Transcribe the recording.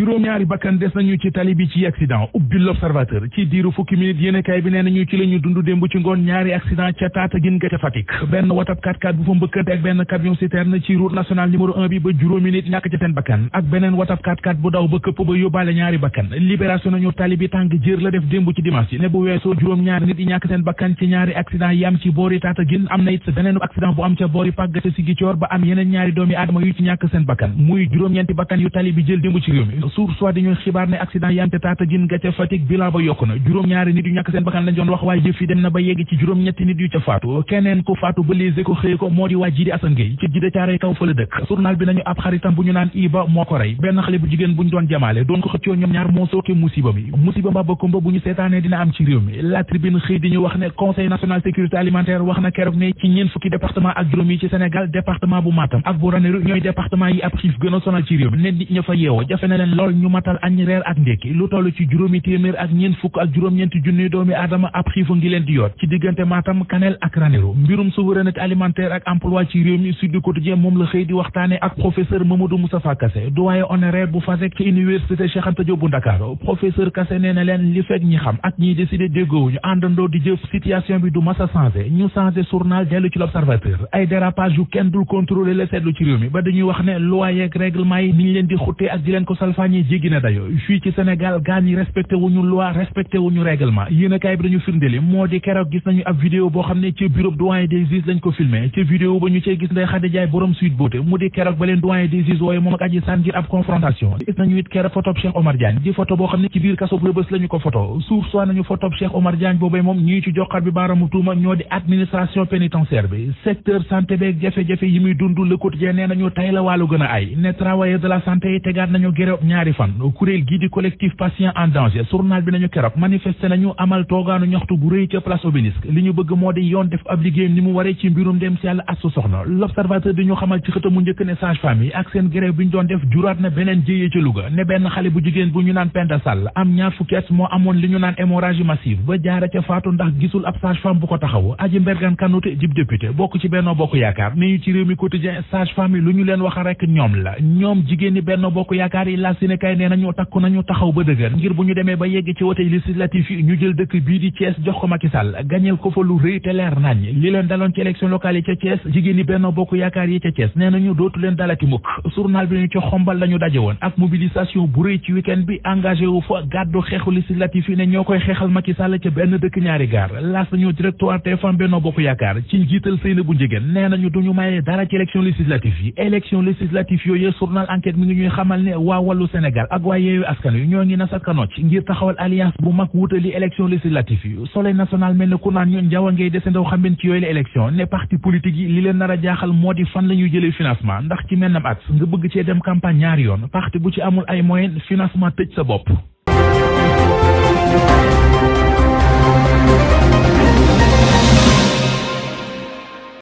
juróom-ñaari bakkan des nañu ci tali bi ci accident ubbi l'observateur ci diiru fukki minute yéenekaay bi nee nañu ci ñu dund démb ci ngoon ñaari accident ca Tataguine ga ca Fatick benn watab 4x4 bu fa mbëkkante ak benn camion citerne ci route nationale numéro 1 bi ba juróomi nit ñàkk ca seen bakkan ak beneen watab 4x4 bu tali bi démb ci dimanche ñaari nit ci beneen accident bu am ca boori Pagga ca Sigicoor ba am yeneen ñaari doomi aadama yu ci ñàkk seen bakkan muy juróom-ñeenti bakkan yu tali jël démb ci réew mi suur soit di ñuy xibaar ne accident yaa ngi ca taata jin ga ca Fatick bilan ba yokku na juróom-ñaari nit yu ñàkk seen bakkan lañ doon wax waaye jëf yi dem na ba yegg ci juróom-ñetti nit yu ca faatu keneen ku faatu ba Les xëye ko moo di waa ji di Assane Gueye ci jide kaw fa la dëkk journal bi nañu ab xaritam bu ñu naan Iba moo ko rey benn xale bu jigéen bu ñu doon jamaale doon ko xëccoo ñoom ñaar moo sooke musiba mi mi la tribune xëy di lool ñu matal añ reer ak ndékki lu toll ci juróomi téeméer ak ñeent fukk ak juróom-ñeenti junniy doomi aadama ab xiifa ngi leen di yoot ci diggante Matam Kanel ak Ranérou mbirum souveraineté alimentaire ak emploi ci réew mi Sud Quotidien moom la xëy di waxtaane ak professeur Mamadou Moustapha Kassé doyen honoraire bu FASEG ci université Cheikh Anta bu Ndakaaru professeur Kassé nee leen li fekk ñi xam ak ñiy décidé déggoowuñu àndandoo di jëf situation bi du masa changé ñu changé journal dellu ci l'observateur ay dérapage yu kenn dul contrôler salfaañee jéggi na dayo fii ci Sénégal gaa ñi respecté wuñu loi respecté wuñu règlement yéen a bi dañu firndeli moo di keroog gis nañu ab vidéo boo xam ne ci bureau doyen des juges lañ ko filmé ci vidéo ba ñu cee gis Ndeye Khady Ndiaye borom suite boote mu di keroog ba leen doyen des juges wooye moom ak Adji Sarr ngir ab confrontation gis nañu it keroog photob Cheikh Omar Diagne di photo boo xam ne ci biir kaso bu Rebeuss ko photo suuf nañu a ñaari fan kuréel gii di collectif patient en danger journal bi nañu keroog manifesté nañu amal toogaanu ñaxtu bu rëy ca place Obélisque li ñu bëgg moo di yoon def ab liggéeyam ni mu waree ci mbirum dem si yàlla asu l'observateur di ñu xamal ci xëtamu njëkk ne sage femme yi ak seen grève bi ñu doon def juraat na beneen jéyee ca Louga ne benn xale bu jigéen bu ñu naan Penda am ñaar fukki moo amoon li ñu naan hémorragie massive ba jaara ca faatu ndax si ne kay nee nañu takku nañu taxaw ba dëgër ngir bu ñu demee ba yegg ci wote législatif yi ñu jël dëkk bii di Thiès jox ko Macky gañeel ko fa lu rëy te nañ li leen daloon ci élection locale yi ca Thiès jigéen yi Bokk Yaakaar yi ca Thiès nee nañu dootu leen dalati mukk journal bi ñu ci xombal lañu daje woon ak mobilisation bu rëy ci week bi engagé wu fa gàddu xeexu législatif yi ne ñoo koy xeexal Macky Sall benn dëkk ñaari gaar laas Sénégal ak waa yeewu askan wi ñoo ngi nas ak noc ngir taxawal alliance bu mag wutali élection législative yi soleil national mel ne ku naan ñun njaw a ngay dese ndaw xam ci yooyu la élection ne parti politique yi li leen nar jaaxal moo di fan la ñuy jëlee financement ndax ci mennam at nga bëgg cee dem campagne ñaari yoon parti bu ci amul ay moyen financement tëj sa bopp